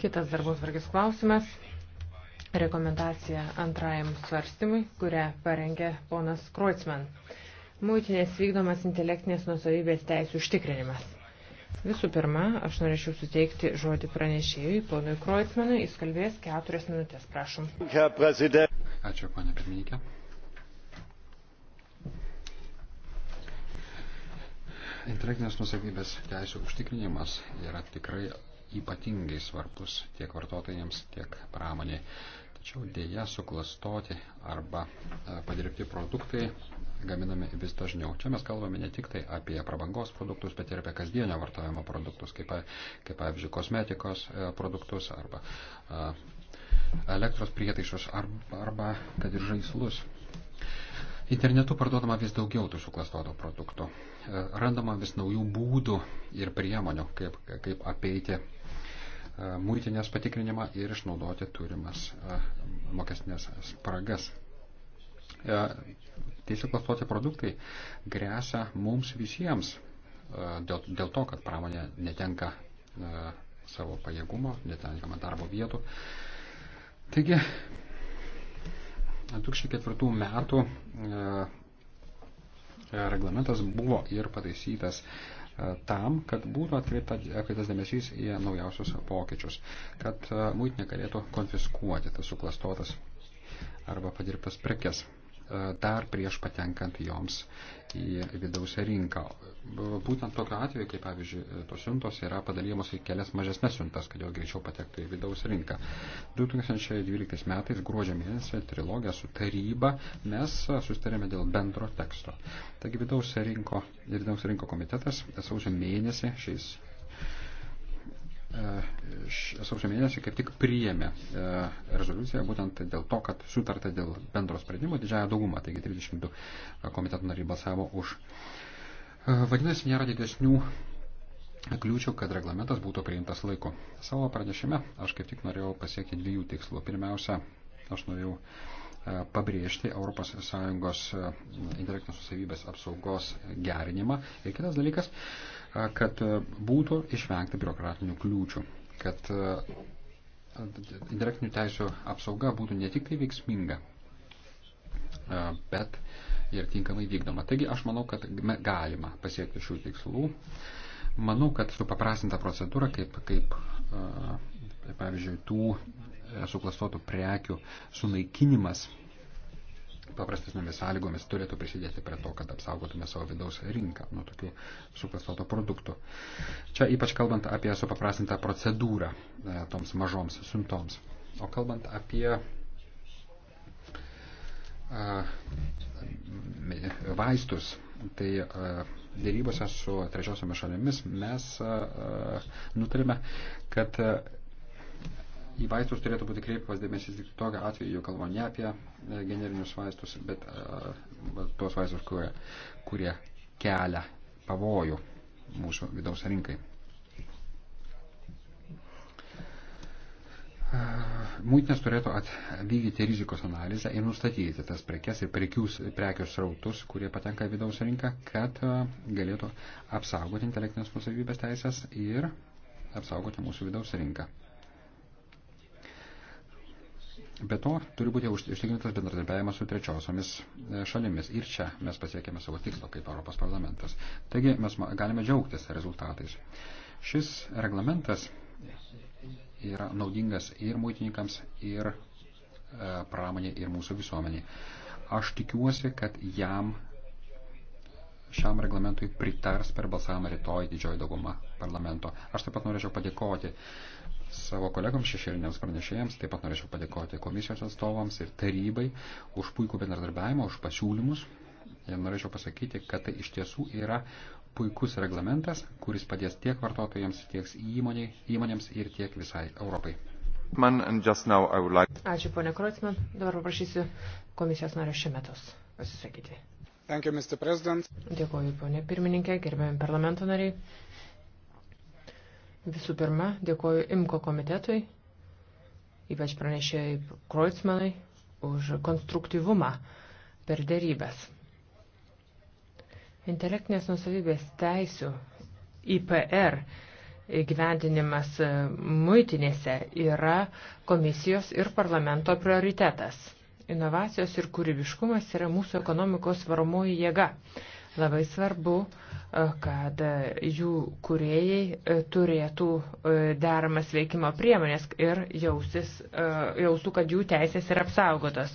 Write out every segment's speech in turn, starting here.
Kitas darbos vargis klausimas. Rekomendacija antrajam svarstymui, kurią parengė ponas Kreutzmann. Mūtinės vykdomas intelektinės nusavybės teisų užtikrinimas. Visų pirma, aš norėčiau suteikti žodį pranešėjui, ponui Kreutzmanui, jis kalbės keturias minutės, prašom. Ačiū, ponė pirmininkė. Intelektinės nusavybės teisų užtikrinimas yra tikrai ypatingai svarbus tiek vartotojams, tiek pramoniai. Tačiau dėja suklastoti arba e, padirbti produktai gaminami vis dažniau. Čia mes kalbame ne tik tai apie prabangos produktus, bet ir apie kasdienio vartojimo produktus, kaip, kaip pavyzdžiui kosmetikos e, produktus arba e, elektros prietaisus arba, arba kad ir žaislus. Internetu parduodama vis daugiau tų suklastotų produktų. Randama vis naujų būdų ir priemonių, kaip, kaip apeiti E, muitinės patikrinimą ir išnaudoti turimas e, mokestinės spragas. E, teisė klastoti produktai grėsia mums visiems dėl, dėl to, kad pramonė netenka savo pajėgumo, netenkama darbo vietų. Taigi, 2004 metų reglamentas buvo ir pataisytas E, tam, kad būtų atkreiptas dėmesys į naujausius pokyčius, kad e, muitinė galėtų konfiskuoti tas suklastotas arba padirbtas prekes dar prieš patenkant joms į vidaus rinką. Būtent tokiu atveju, kaip pavyzdžiui, tos siuntos yra padalyjamos į kelias mažesnės siuntas, kad jau greičiau patektų į vidaus rinką. 2012 metais gruodžio mėnesį trilogija su taryba mes sustarėme dėl bendro teksto. Taigi vidaus rinko, vidaus rinko komitetas sausio mėnesį šiais sausio mėnesį kaip tik priėmė e, rezoliuciją būtent dėl to, kad sutarta dėl bendro sprendimo didžiąją daugumą, taigi 32 komiteto nariai balsavo už. E, vadinasi, nėra didesnių kliūčių, kad reglamentas būtų priimtas laiku. Savo pranešime aš kaip tik norėjau pasiekti dviejų tikslų. Pirmiausia, aš norėjau e, pabrėžti ES intelektinės susavybės apsaugos gerinimą. Ir kitas dalykas, kad būtų išvengta biurokratinių kliūčių, kad intelektinių teisų apsauga būtų ne tik tai veiksminga, bet ir tinkamai vykdoma. Taigi aš manau, kad galima pasiekti šių tikslų. Manau, kad supaprastinta procedūra, kaip, kaip pavyzdžiui, tų suklastotų prekių sunaikinimas paprastesnėmis sąlygomis turėtų prisidėti prie to, kad apsaugotume savo vidaus rinką nuo tokių suklastoto produktų. Čia ypač kalbant apie supaprastintą procedūrą e, toms mažoms siuntoms. O kalbant apie e, vaistus, tai e, dėrybose su trečiosiomis šalimis mes e, e nutarėme, kad e, į vaistus turėtų būti kreipiamas dėmesys tik tokia atveju, jau kalba ne apie e, generinius vaistus, bet e, a, tos vaistus, kurie, kurie kelia pavojų mūsų vidaus rinkai. E, Mūtinės turėtų atvykdyti rizikos analizę ir nustatyti tas prekes ir prekius, prekius srautus, kurie patenka į vidaus rinką, kad galėtų apsaugoti intelektinės nusavybės teisės ir apsaugoti mūsų vidaus rinką. Be to, turi būti užtikrintas bendradarbiavimas su trečiosiomis e, šalimis. Ir čia mes pasiekėme savo tikslo kaip Europos parlamentas. Taigi mes galime džiaugtis rezultatais. Šis reglamentas yra naudingas ir muitininkams, ir e, pramonė, ir mūsų visuomenė. Aš tikiuosi, kad jam šiam reglamentui pritars per balsavimą rytoj didžioji dauguma parlamento. Aš taip pat norėčiau padėkoti uh, savo kolegoms šešėliniams pranešėjams, taip pat norėčiau padėkoti komisijos atstovams ir tarybai už puikų bendradarbiavimą, už pasiūlymus. Ir norėčiau pasakyti, kad tai iš tiesų yra puikus reglamentas, kuris padės tiek vartotojams, tiek įmonė, įmonėms ir tiek visai Europai. Man, now, like... Ačiū, ponė Kreutzmann. Dabar paprašysiu komisijos nario šimetos pasisakyti. You, Dėkuoju, ponė pirmininkė, gerbėjom parlamento nariai. Visų pirma, dėkoju IMKO komitetui, ypač pranešėjai Kreutzmanui, už konstruktyvumą per dėrybęs. Intelektinės nusavybės teisių IPR gyvendinimas muitinėse yra komisijos ir parlamento prioritetas. Inovacijos ir kūrybiškumas yra mūsų ekonomikos varomoji jėga. Labai svarbu, e, kad e, jų kuriejai e, turėtų deramas veikimo priemonės ir jausis, jaustų, kad jų teisės yra apsaugotos.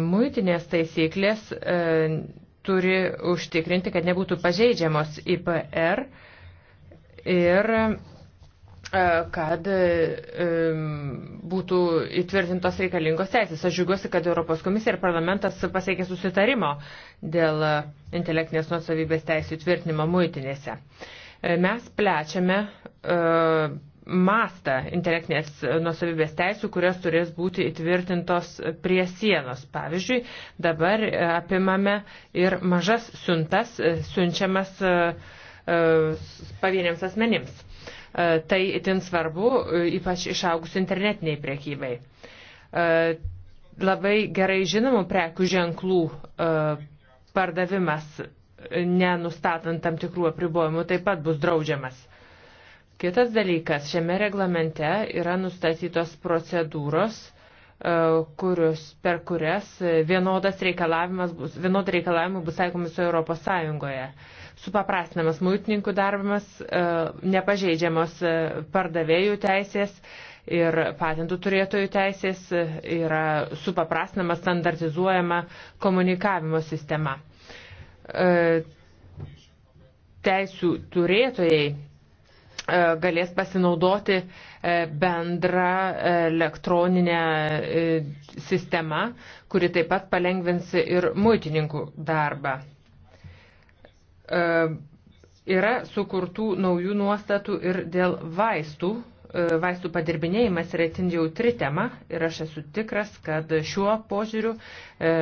Muitinės taisyklės turi užtikrinti, kad nebūtų pažeidžiamos IPR ir E, kad e, e, būtų įtvirtintos reikalingos teisės. Aš žiūriuosi, kad Europos komisija ir parlamentas pasiekė susitarimo dėl intelektinės nuosavybės teisų įtvirtinimo muitinėse. Mes plečiame mastą intelektinės nusavybės teisų, kurios turės būti įtvirtintos prie sienos. Pavyzdžiui, dabar apimame ir mažas siuntas siunčiamas pavieniams asmenims. E, tai itin svarbu, e, ypač išaugus internetiniai priekybai. E, labai gerai žinomų prekių ženklų pardavimas, nenustatant tam tikrų apribojimų, taip pat bus draudžiamas. Kitas dalykas, šiame reglamente yra nustatytos procedūros, kurius, per kurias vienodas reikalavimas bus, vienodai reikalavimai bus taikomi su Europos Sąjungoje supaprastinamas muitininkų darbimas, e, nepažeidžiamos e, pardavėjų teisės ir patentų turėtojų teisės, e, yra supaprastinama, standartizuojama komunikavimo sistema. Teisų turėtojai galės pasinaudoti bendrą elektroninę sistemą, kuri taip pat palengvins ir muitininkų darbą. E, yra sukurtų naujų nuostatų ir dėl vaistų. E, vaistų padirbinėjimas yra itin jautri tema ir aš esu tikras, kad šiuo požiūriu e,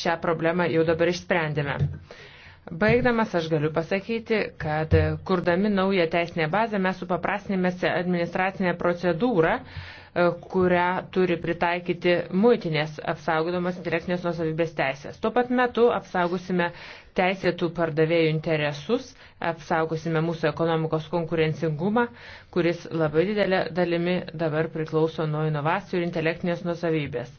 šią problemą jau dabar išsprendėme. Baigdamas aš galiu pasakyti, kad kurdami naują teisinę bazę mes supaprastinėme administracinę procedūrą, kurią turi pritaikyti muitinės apsaugodamas intelektinės nusavybės teisės. Tuo pat metu apsaugosime teisėtų pardavėjų interesus, apsaugosime mūsų ekonomikos konkurencingumą, kuris labai didelė dalimi dabar priklauso nuo inovacijų ir intelektinės nusavybės.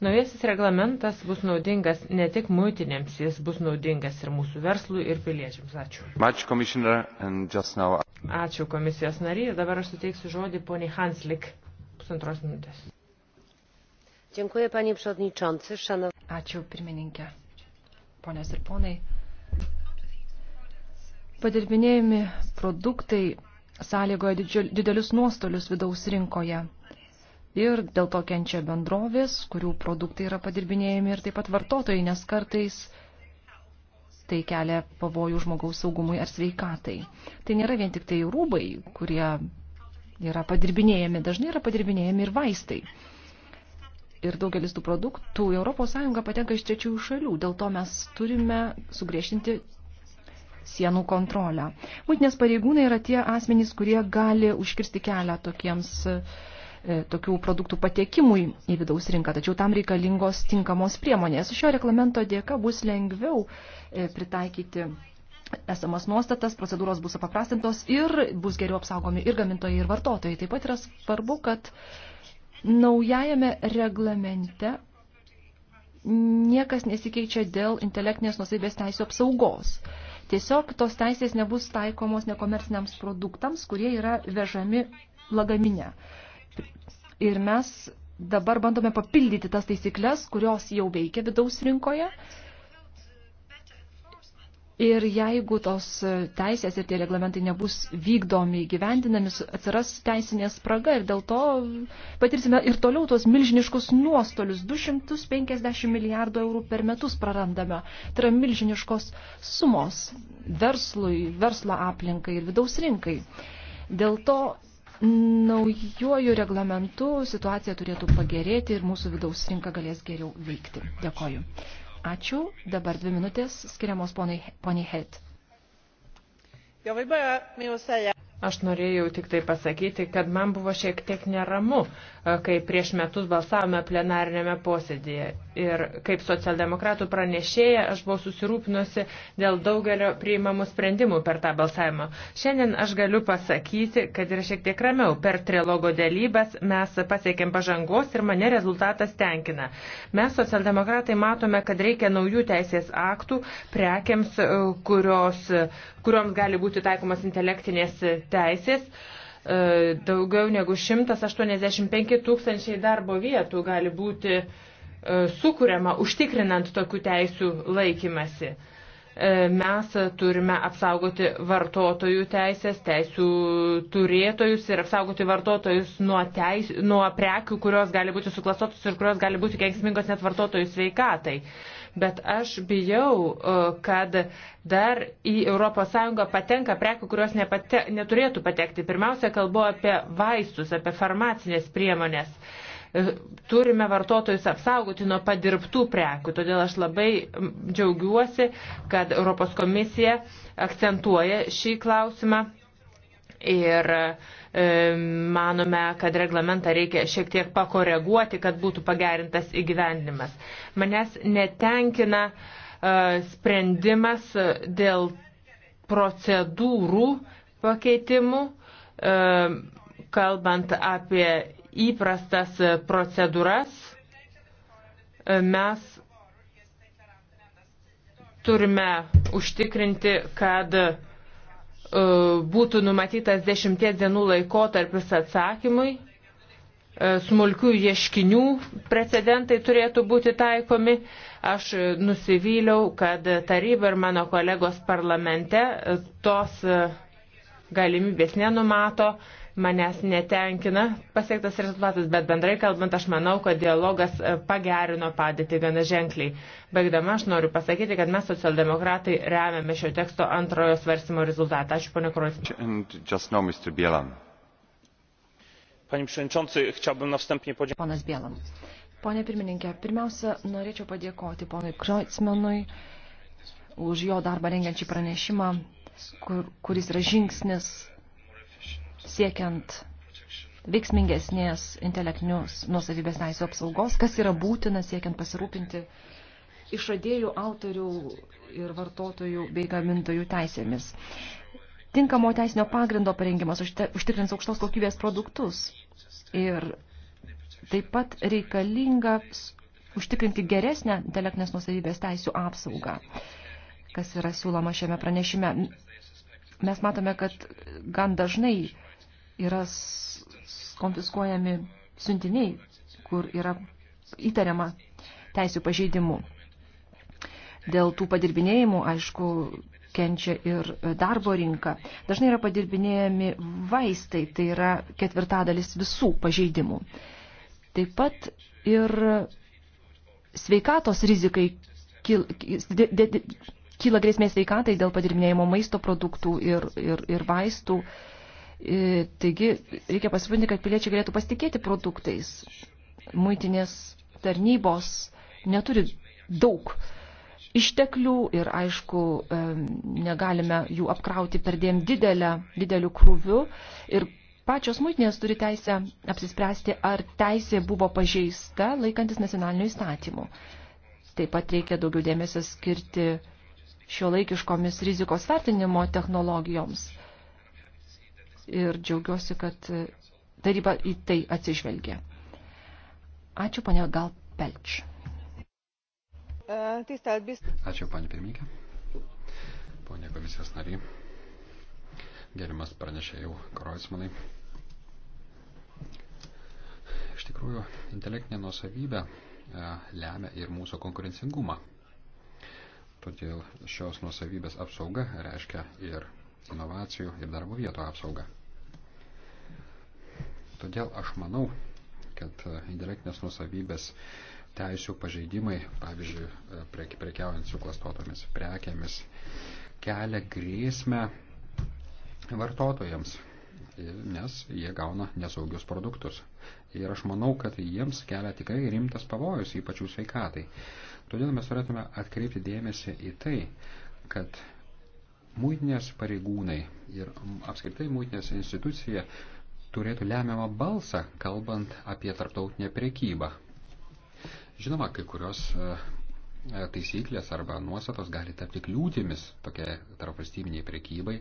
Naujasis reglamentas bus naudingas ne tik muitinėms, jis bus naudingas ir mūsų verslui ir piliečiams. Ačiū. Ačiū komisijos nariai ir dabar aš suteiksiu žodį poniai Hanslik pusantros minutės. Dziękuję, panie przewodniczący. Szanow... Ačiū, pirmininkė. Ponios ir ponai, padirbinėjami produktai sąlygoja didelius nuostolius vidaus rinkoje. Ir dėl to kenčia bendrovės, kurių produktai yra padirbinėjami ir taip pat vartotojai, nes kartais tai kelia pavojų žmogaus saugumui ar sveikatai. Tai nėra vien tik tai rūbai, kurie yra padirbinėjami, dažnai yra padirbinėjami ir vaistai. Ir daugelis tų produktų ES patenka iš trečiųjų šalių, dėl to mes turime sugriešinti sienų kontrolę. Muitinės pareigūnai yra tie asmenys, kurie gali užkirsti kelią tokiems e, tokių produktų patekimui į vidaus rinką, tačiau tam reikalingos tinkamos priemonės. Šio reglamento dėka bus lengviau e, pritaikyti esamas nuostatas, procedūros bus paprastintos ir bus geriau apsaugomi ir gamintojai, ir vartotojai. Taip pat yra svarbu, kad naujajame reglamente niekas nesikeičia dėl intelektinės nusavybės teisų apsaugos. Tiesiog tos teisės nebus taikomos nekomerciniams produktams, kurie yra vežami lagaminę. Ir mes dabar bandome papildyti tas taisyklės, kurios jau veikia vidaus rinkoje Ir jeigu tos teisės ir tie reglamentai nebus vykdomi, gyvendinami, atsiras teisinė spraga ir dėl to patirsime ir toliau tuos milžiniškus nuostolius. 250 milijardų eurų per metus prarandame. Tai yra milžiniškos sumos verslui, verslo aplinkai ir vidaus rinkai. Dėl to naujuoju reglamentu situacija turėtų pagerėti ir mūsų vidaus rinka galės geriau veikti. Dėkoju. Ačiū. Dabar dvi minutės skiriamos poniai Het. Jag vill börja med att säga Aš norėjau tik tai pasakyti, kad man buvo šiek tiek neramu, e, kai prieš metus balsavome plenarinėme posėdėje. Ir kaip socialdemokratų pranešėja, aš buvau susirūpinusi dėl daugelio priimamų sprendimų per tą balsavimą. Šiandien aš galiu pasakyti, kad yra šiek tiek ramiau. Per trilogo dėlybas mes pasiekėm pažangos ir mane rezultatas tenkina. Mes socialdemokratai matome, kad reikia naujų teisės aktų prekiams, e, kurios, e, kurioms gali būti taikomas intelektinės teisės, e, daugiau negu 185 tūkstančiai darbo vietų gali būti e, sukūriama užtikrinant tokių teisių laikymasi. E, mes turime apsaugoti vartotojų teisės, teisų turėtojus ir apsaugoti vartotojus nuo, teis, nuo prekių, kurios gali būti suklastotos ir kurios gali būti kenksmingos net vartotojų sveikatai bet aš bijau, e, kad dar į ES patenka prekių, kurios nepate, neturėtų patekti. Pirmiausia, kalbu apie vaistus, apie farmacinės priemonės. E, turime vartotojus apsaugoti nuo padirbtų prekių, todėl aš labai džiaugiuosi, kad Europos komisija akcentuoja šį klausimą. Ir uh, E, manome, kad reglamentą reikia šiek tiek pakoreguoti, kad būtų pagerintas įgyvendimas. Manęs netenkina e, sprendimas dėl procedūrų pakeitimų, e, kalbant apie įprastas procedūras, mes turime užtikrinti, kad E, būtų numatytas dešimties dienų laikotarpis atsakymui, e, smulkių ieškinių precedentai turėtų būti taikomi. Aš nusivyliau, kad taryba ir mano kolegos parlamente e, tos galimybės nenumato manęs netenkina pasiektas rezultatas, bet bendrai kalbant, aš manau, kad dialogas e, pagerino padėtį gana ženkliai. Baigdama, aš noriu pasakyti, kad mes socialdemokratai remiame šio teksto antrojo svarstymo rezultatą. Ačiū, ponė Kruojas. Panie Przewodniczący, chciałbym na wstępie podziękować. Pone pirmininkė, pirmiausia, norėčiau padėkoti ponui Kreutzmenui už jo darbą rengiančią pranešimą, kur, kuris yra žingsnis siekiant veiksmingesnės intelektinius nuosavybės teisų apsaugos, kas yra būtina siekiant pasirūpinti išradėjų, autorių ir vartotojų bei gamintojų teisėmis. Tinkamo teisinio pagrindo parengimas užtikrins aukštos kokybės produktus ir taip pat reikalinga užtikrinti geresnę intelektinės nuosavybės teisų apsaugą, kas yra siūloma šiame pranešime. Mes matome, kad gan dažnai yra konfiskuojami siuntiniai, kur yra įtariama teisių pažeidimų. Dėl tų padirbinėjimų, aišku, kenčia ir darbo rinka. Dažnai yra padirbinėjami vaistai, tai yra ketvirtadalis visų pažeidimų. Taip pat ir sveikatos rizikai kyla grėsmė sveikatai dėl padirbinėjimo maisto produktų ir, ir, ir vaistų. Uh, E, taigi reikia pasirūpinti, kad piliečiai galėtų pasitikėti produktais. Muitinės tarnybos neturi daug išteklių ir, aišku, e, negalime jų apkrauti per dėm didelę, dideliu krūviu. Ir pačios muitinės turi teisę apsispręsti, ar teisė buvo pažeista laikantis nacionalinių įstatymų. Taip pat reikia daugiau dėmesio skirti šio laikiškomis rizikos vertinimo technologijoms ir džiaugiuosi, kad taryba į tai atsižvelgia. Ačiū, ponia Gal Pelč. Ačiū, panė pirmininkė. Ponė komisijos nariai. Gerimas pranešėjau Kroismanai. Iš tikrųjų, intelektinė nuosavybė e, lemia ir mūsų konkurencingumą. Todėl šios nuosavybės apsauga reiškia ir inovacijų ir darbo vietų apsaugą. Todėl aš manau, kad e, indirektinės nusavybės teisų pažeidimai, pavyzdžiui, e, prekiaujant su klastotomis prekiamis, kelia grėsmę vartotojams, nes jie gauna nesaugius produktus. Ir aš manau, kad jiems kelia tikrai rimtas pavojus, ypač jų sveikatai. Todėl mes turėtume atkreipti dėmesį į tai, kad muitinės pareigūnai ir apskritai muitinės institucija turėtų lemiamą balsą, kalbant apie tarptautinę priekybą. Žinoma, kai kurios e, e, taisyklės arba nuostatos gali tapti kliūtimis tokia tarpvalstybiniai priekybai,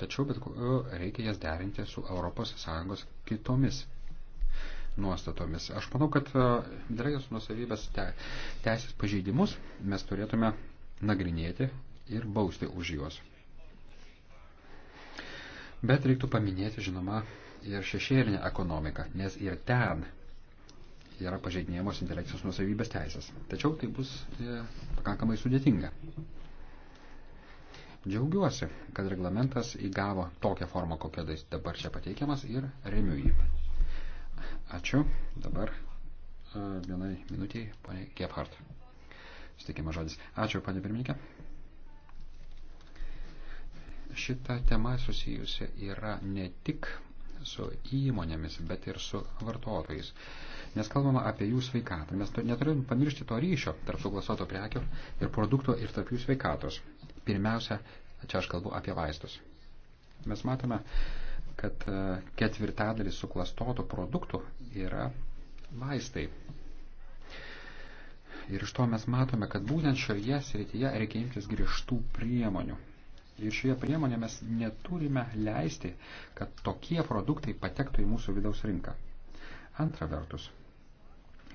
tačiau bet e, reikia jas derinti su ES kitomis nuostatomis. Aš manau, kad bendrėjus nusavybės te, teisės pažeidimus mes turėtume nagrinėti ir bausti už juos. Bet reiktų paminėti, žinoma, ir šešėlinę ekonomiką, nes ir ten yra pažeidinėjamos intelekcijos nusavybės teisės. Tačiau tai bus e, pakankamai sudėtinga. Džiaugiuosi, kad reglamentas įgavo tokią formą, kokia dabar čia pateikiamas ir remiu jį. Ačiū. Dabar e, vienai minutiai, ponė Gebhardt. Sutikima žodis. Ačiū, ponė pirmininkė šita tema susijusi yra ne tik su įmonėmis, bet ir su vartotojais. Nes kalbama apie jų sveikatą. Mes neturim pamiršti to ryšio tarp suklasoto prekio ir produkto ir tarp jų sveikatos. Pirmiausia, čia aš kalbu apie vaistus. Mes matome, kad e, ketvirtadalis suklastotų produktų yra vaistai. Ir iš to mes matome, kad būtent šioje srityje reikia imtis griežtų priemonių. Ir šioje priemonėje mes neturime leisti, kad tokie produktai patektų į mūsų vidaus rinką. Antra vertus,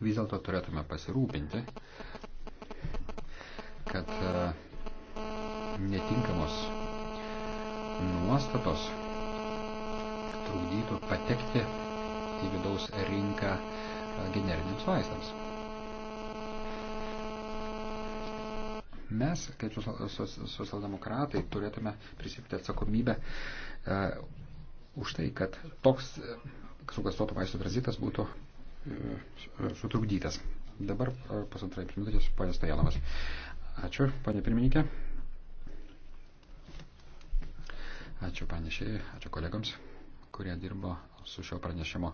vis dėlto turėtume pasirūpinti, kad e, netinkamos nuostatos trukdytų patekti į vidaus rinką e, generiniams vaistams. Mes, kaip socialdemokratai, turėtume prisimti atsakomybę uh, už tai, kad toks e, sugastuotų vaistų tranzitas būtų uh, sutrukdytas. Dabar uh, pusantrai minutės, ponė Stojanovas. Ačiū, ponė pirmininkė. Ačiū panešėjai, ačiū kolegams, kurie dirbo su šio pranešimo.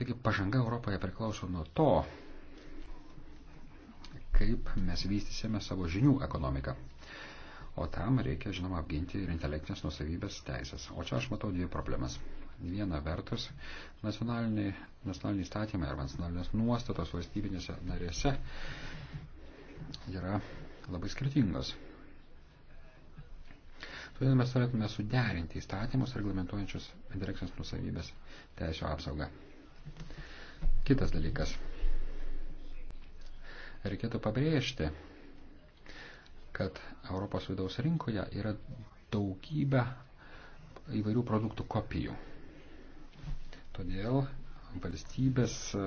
Taigi pažanga Europoje priklauso nuo to, kaip mes vystysime savo žinių ekonomiką. O tam reikia, žinoma, apginti ir intelektinės nusavybės teisės. O čia aš matau dvi problemas. Viena vertus, nacionaliniai, nacionaliniai statymai arba nacionalinės nuostatos valstybinėse narėse yra labai skirtingos. Todėl mes turėtume suderinti įstatymus reglamentuojančius direkcijos nusavybės teisų apsaugą. Kitas dalykas Reikėtų pabrėžti, kad Europos vidaus rinkoje yra daugybė įvairių produktų kopijų. Todėl valstybės e,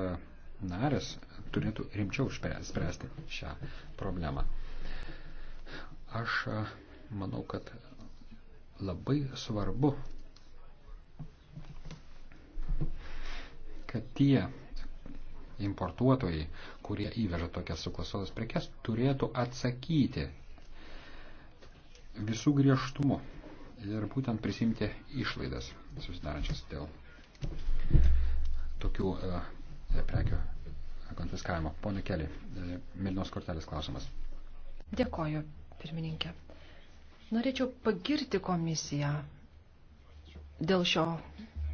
narės turėtų rimčiau spręsti šią problemą. Aš e, manau, kad labai svarbu, kad tie importuotojai, kurie įveža tokias suklastotas prekes, turėtų atsakyti visų griežtumu ir būtent prisimti išlaidas susidarančias dėl tokių e, prekių konfiskavimo. Pone Keli, e, Milinos kortelės klausimas. Dėkoju, pirmininkė. Norėčiau pagirti komisiją dėl šio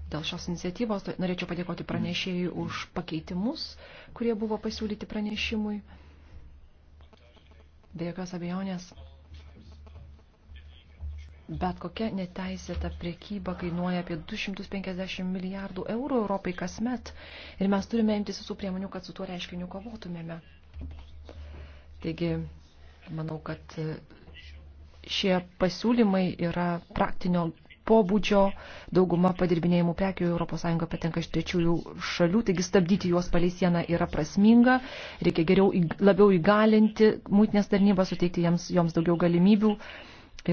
dėl šios iniciatyvos. Norėčiau padėkoti pranešėjai už pakeitimus, kurie buvo pasiūlyti pranešimui. Be jokios abejonės. Bet kokia neteisėta priekyba kainuoja apie 250 milijardų eurų Europai kasmet ir mes turime imtis visų priemonių, kad su tuo reiškiniu kovotumėme. Taigi, manau, kad šie pasiūlymai yra praktinio pobūdžio, dauguma padirbinėjimų prekių ES patenka iš trečiųjų šalių, taigi stabdyti juos palei sieną yra prasminga, reikia geriau, labiau įgalinti mūtinės tarnybą, suteikti jiems, joms daugiau galimybių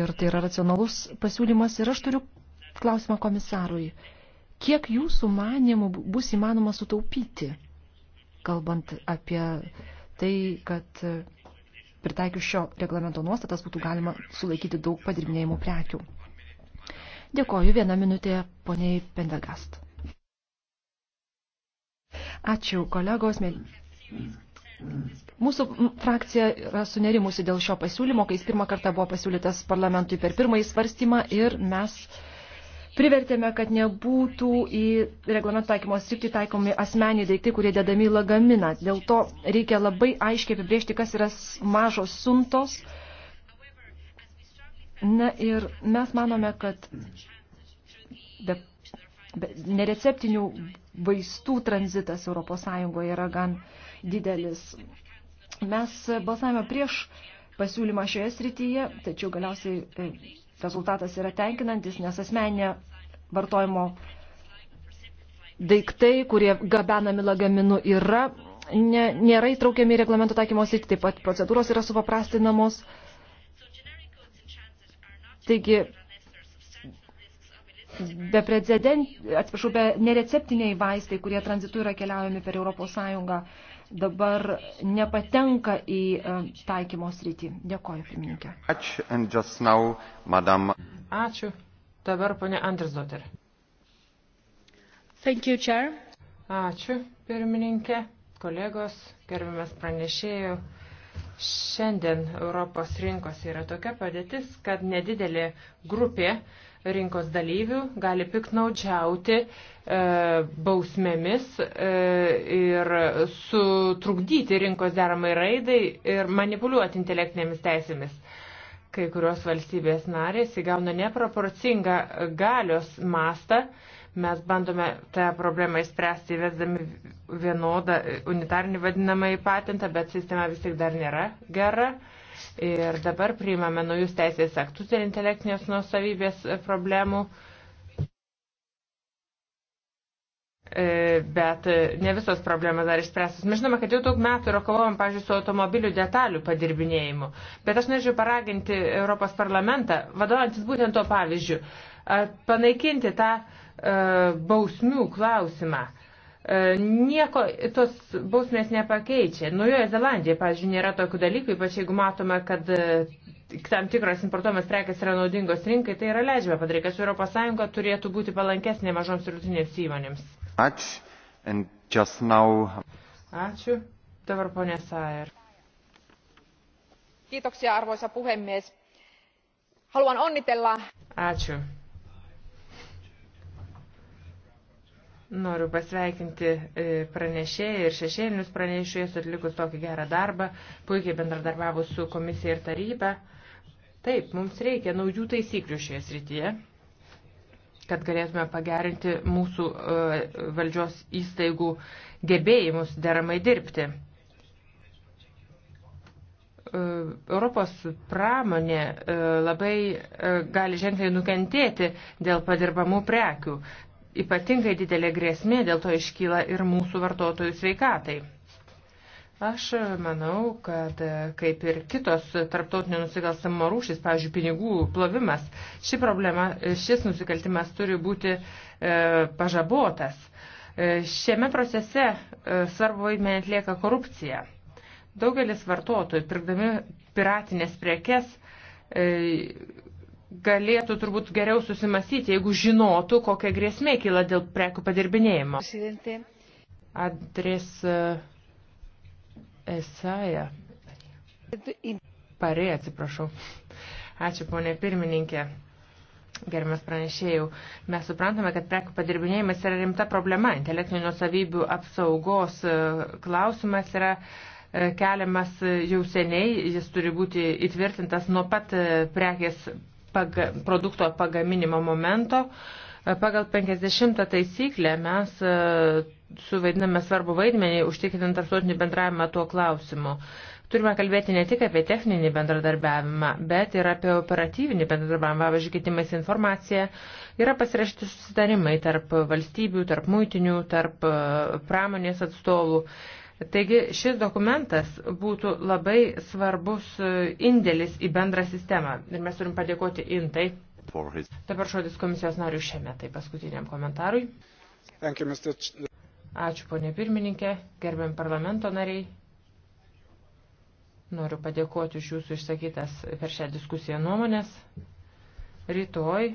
ir tai yra racionalus pasiūlymas. Ir aš turiu klausimą komisarui, kiek jūsų manimų bus įmanoma sutaupyti, kalbant apie tai, kad pritaikius šio reglamento nuostatas būtų galima sulaikyti daug padirbinėjimų prekių. Dėkoju vieną minutę poniai Pendegast. Ačiū, kolegos. Mūsų frakcija yra sunerimusi dėl šio pasiūlymo, kai jis pirmą kartą buvo pasiūlytas parlamentui per pirmąjį svarstymą ir mes privertėme, kad nebūtų į reglamento taikymo sritį taikomi asmeniai daiktai, kurie dedami į lagaminą. Dėl to reikia labai aiškiai apibriežti, kas yra mažos suntos, Na ir mes manome, kad be, be, nereceptinių vaistų tranzitas Europos Sąjungoje yra gan didelis. Mes balsavome prieš pasiūlymą šioje srityje, tačiau galiausiai e, rezultatas yra tenkinantis, nes asmeninė vartojimo daiktai, kurie gabenami lagaminu, yra, ne, nėra įtraukiami į reglamento taikymo sritį, taip pat procedūros yra supaprastinamos. Taigi, be, atsiprašau, be nereceptiniai vaistai, kurie tranzitu yra keliaujami per Europos Sąjungą, dabar nepatenka į e, taikymo sritį. Dėkoju, pirmininkė. Ačiū, and just now, madam. Ačiū. Dabar ponė Andersdotter. Thank you, Chair. Ačiū, pirmininkė, kolegos, gerbiamas pranešėjų. Šiandien Europos rinkos yra tokia padėtis, kad nedidelė grupė rinkos dalyvių gali piknaudžiauti e, bausmėmis e, ir sutrukdyti rinkos deramai raidai ir manipuliuoti intelektinėmis teisėmis. Kai kurios valstybės narės įgauna neproporcingą galios mastą, e, Mes bandome tą problemą išspręsti įvesdami vienodą unitarnį vadinamąjį patentą, bet sistema vis tik dar nėra gera. Ir dabar priimame naujus teisės aktus ir intelektinės nuosavybės problemų. E, bet ne visos problemas dar išspręstas. Mes žinome, kad jau daug metų yra kovojama, pažiūrėjau, su automobilių detalių padirbinėjimu. Bet aš norėčiau paraginti Europos parlamentą, vadovantis būtent tuo pavyzdžiu, panaikinti tą uh, E, bausmių klausimą. E, nieko tos bausmės nepakeičia. Naujoje Zelandijoje, pavyzdžiui, nėra tokių dalykų, ypač jeigu matome, kad e, tam tikros importuojamas prekes yra naudingos rinkai, tai yra leidžiama padaryti, kad Europos Sąjunga turėtų būti palankesnė mažoms ir rutinėms įmonėms. Ačiū. Now... Ačiū. Dabar ponė Sair. Kiitoksia, arvoisa puhemies. Haluan onnitella. Ačiū. Noriu pasveikinti e, pranešėją ir šešėlinius pranešėjus atlikus tokį gerą darbą, puikiai bendradarbiavus su komisija ir taryba. Taip, mums reikia naujų taisyklių šioje srityje, kad galėtume pagerinti mūsų e, valdžios įstaigų gebėjimus deramai dirbti. E, Europos pramonė labai gali ženkliai nukentėti dėl padirbamų prekių ypatingai didelė grėsmė, dėl to iškyla ir mūsų vartotojų sveikatai. Aš manau, kad kaip ir kitos tarptautinio nusikalstamo rūšis, pavyzdžiui, pinigų plovimas, ši problema, šis nusikaltimas turi būti e, pažabotas. E, šiame procese e, svarbu vaidmenį atlieka korupcija. Daugelis vartotojų, pirkdami piratinės prekes, e, galėtų turbūt geriau susimastyti, jeigu žinotų, kokia grėsmė kyla dėl prekių padirbinėjimo. Adres eh, Esaja. Parė, atsiprašau. Ačiū, ponė pirmininkė. Gerbiamas pranešėjų, mes suprantame, kad prekių padirbinėjimas yra rimta problema. Intelektinių savybių apsaugos eh, klausimas yra eh, keliamas jau seniai, jis turi būti įtvirtintas nuo pat prekės paga, produkto pagaminimo momento. E, pagal 50 taisyklę mes e, suvaidiname svarbu vaidmenį užtikrinant tarptautinį bendravimą tuo klausimu. Turime kalbėti ne tik apie techninį bendradarbiavimą, bet ir apie operatyvinį bendradarbiavimą, pavyzdžiui, keitimas informacija. Yra pasirašyti susitarimai tarp valstybių, tarp muitinių, tarp e, pramonės atstovų. Uh, Taigi šis dokumentas būtų labai svarbus e, indėlis į bendrą sistemą. Ir mes turim padėkoti Intai. His... Dabar žodis komisijos narių šiame, tai paskutiniam komentarui. Thank you, Mr. Ačiū, ponė pirmininkė, gerbiam parlamento nariai. Noriu padėkoti už jūsų išsakytas per šią diskusiją nuomonės. Rytoj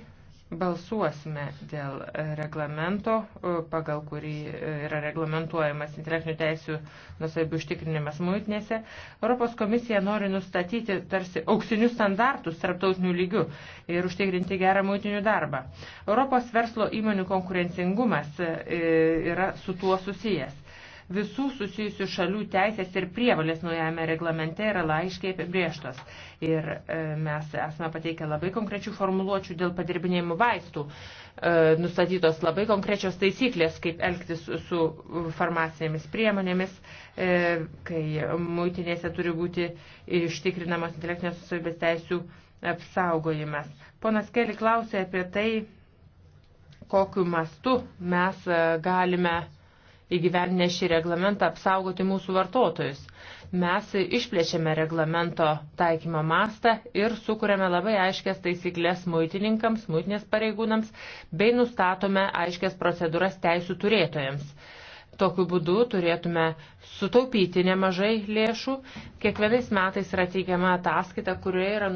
balsuosime dėl reglamento, e, pagal kurį e, yra reglamentuojamas intelektinių teisių nusaibių užtikrinimas muitinėse. Europos komisija nori nustatyti tarsi auksinius standartus tarptautinių lygių ir užtikrinti gerą muitinių darbą. Europos verslo įmonių konkurencingumas e, yra su tuo susijęs. Visų susijusių šalių teisės ir prievalės naujame reglamente yra laiškiai apibrieštos. Ir e, mes esame pateikę labai konkrečių formuluočių dėl padirbinėjimų vaistų. E, nustatytos labai konkrečios taisyklės, kaip elgtis su farmacinėmis priemonėmis, e, kai muitinėse turi būti ištikrinamas intelektinės susavybės teisių apsaugojimas. Ponas Keli klausė apie tai, kokiu mastu mes galime įgyvendinę šį reglamentą apsaugoti mūsų vartotojus. Mes išplėčiame reglamento taikymo mastą ir sukūrėme labai aiškias taisyklės muitininkams, muitinės pareigūnams bei nustatome aiškias procedūras teisų turėtojams. Tokiu būdu turėtume sutaupyti nemažai lėšų. Kiekvienais metais yra teikiama ataskaita, kurioje yra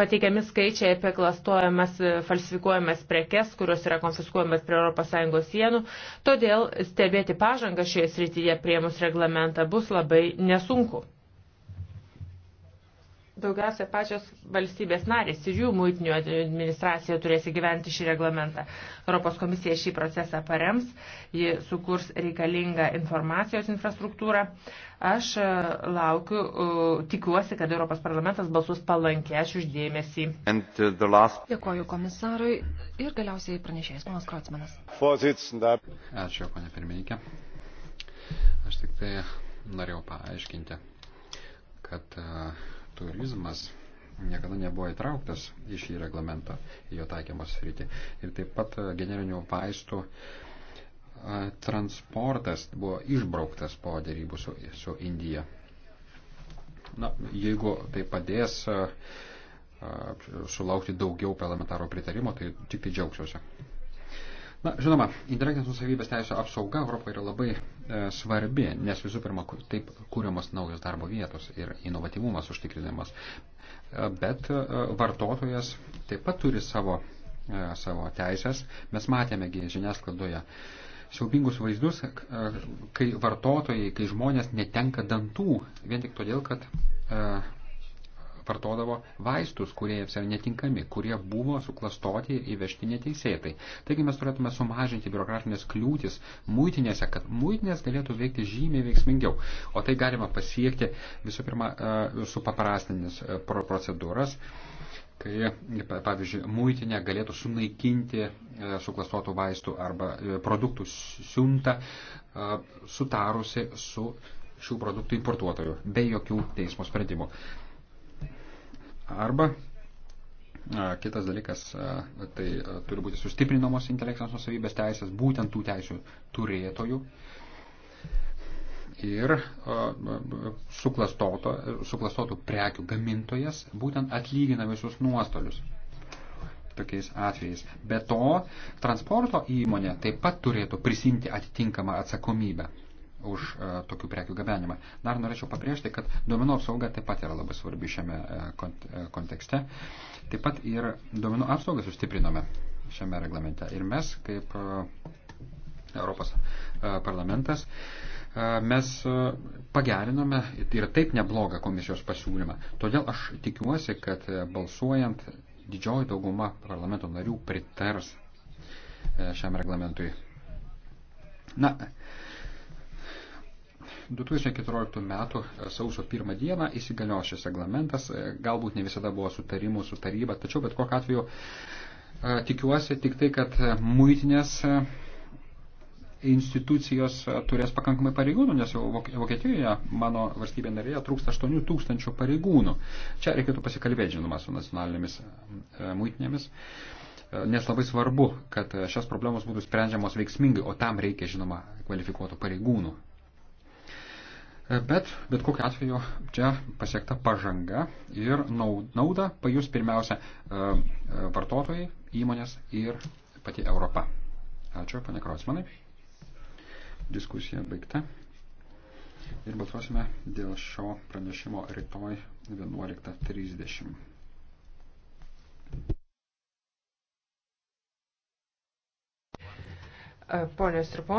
pateikiami skaičiai apie klastojamas, e, falsifikuojamas prekes, kurios yra konfiskuojamas prie ES sienų. Todėl stebėti pažangą šioje srityje priemus reglamentą bus labai nesunku daugiausia pačios valstybės narės ir jų muitinių administracija turės įgyventi šį reglamentą. Europos komisija šį procesą parems, ji sukurs reikalingą informacijos infrastruktūrą. Aš e, laukiu, e, tikiuosi, kad Europos parlamentas balsus palankė. Ačiū uždėmesį. Uh, last... Dėkoju komisarui ir galiausiai pranešėjas ponas Krocmanas. Ačiū, ponė pirmininkė. Aš tik tai norėjau paaiškinti, kad uh, turizmas niekada nebuvo įtrauktas į šį reglamentą, į jo taikymos sritį. Ir taip pat e, generinių vaistų e, transportas buvo išbrauktas po dėrybų su, su Indija. Na, jeigu tai padės e, sulaukti daugiau parlamentaro pritarimo, tai tik tai džiaugsiuosi. Na, žinoma, intelektinės nusavybės teisų apsauga Europoje yra labai e, svarbi, nes visų pirma, taip kūriamos naujos darbo vietos ir inovatyvumas užtikrinimas. E, bet e, vartotojas taip pat turi savo, e, savo teisės. Mes matėme žiniasklaidoje siaubingus vaizdus, e, kai vartotojai, kai žmonės netenka dantų, vien tik todėl, kad e, vartodavo vaistus, kurie jiems yra netinkami, kurie buvo suklastoti ir įvežti neteisėtai. Taigi mes turėtume sumažinti biurokratinės kliūtis muitinėse, kad muitinės galėtų veikti žymiai veiksmingiau. O tai galima pasiekti visų pirma e, su paprastinis e, procedūras kai, pavyzdžiui, muitinė galėtų sunaikinti e, suklastotų vaistų arba produktų siuntą, sutarusi su šių produktų importuotojų, be jokių teismo sprendimų. Arba kitas dalykas, tai turi būti sustiprinamos intelektinės nusavybės teisės būtent tų teisių turėtojų ir suklastotų prekių gamintojas būtent atlygina visus nuostolius tokiais atvejais. Be to, transporto įmonė taip pat turėtų prisimti atitinkamą atsakomybę už e, tokių prekių gabenimą. Dar norėčiau pabrėžti, kad duomenų apsauga taip pat yra labai svarbi šiame e, e, kontekste. Taip pat ir duomenų apsaugą sustiprinome šiame reglamente. Ir mes, kaip Europos parlamentas, mes pagerinome ir taip neblogą komisijos pasiūlymą. Todėl aš tikiuosi, kad balsuojant didžioji dauguma parlamento narių pritars šiam reglamentui. Na, 2014 m. E, sausio 1 d. įsigalios šis reglamentas, e, galbūt ne visada buvo sutarimų su taryba, tačiau bet kokiu atveju e, tikiuosi tik tai, kad muitinės institucijos turės pakankamai pareigūnų, nes jau Vokietijoje, mano valstybė narėje, trūksta 8 tūkstančių pareigūnų. Čia reikėtų pasikalbėti, žinoma, su nacionalinėmis muitinėmis, nes labai svarbu, kad šios problemos būtų sprendžiamos veiksmingai, o tam reikia, žinoma, kvalifikuotų pareigūnų. Bet, bet kokiu atveju, čia pasiekta pažanga ir naudą pajus pirmiausia e, e, vartotojai, įmonės ir pati Europa. Ačiū, pane Krosmanai. Diskusija baigta. Ir balsuosime dėl šio pranešimo rytoj 11.30. Ponios ir ponai.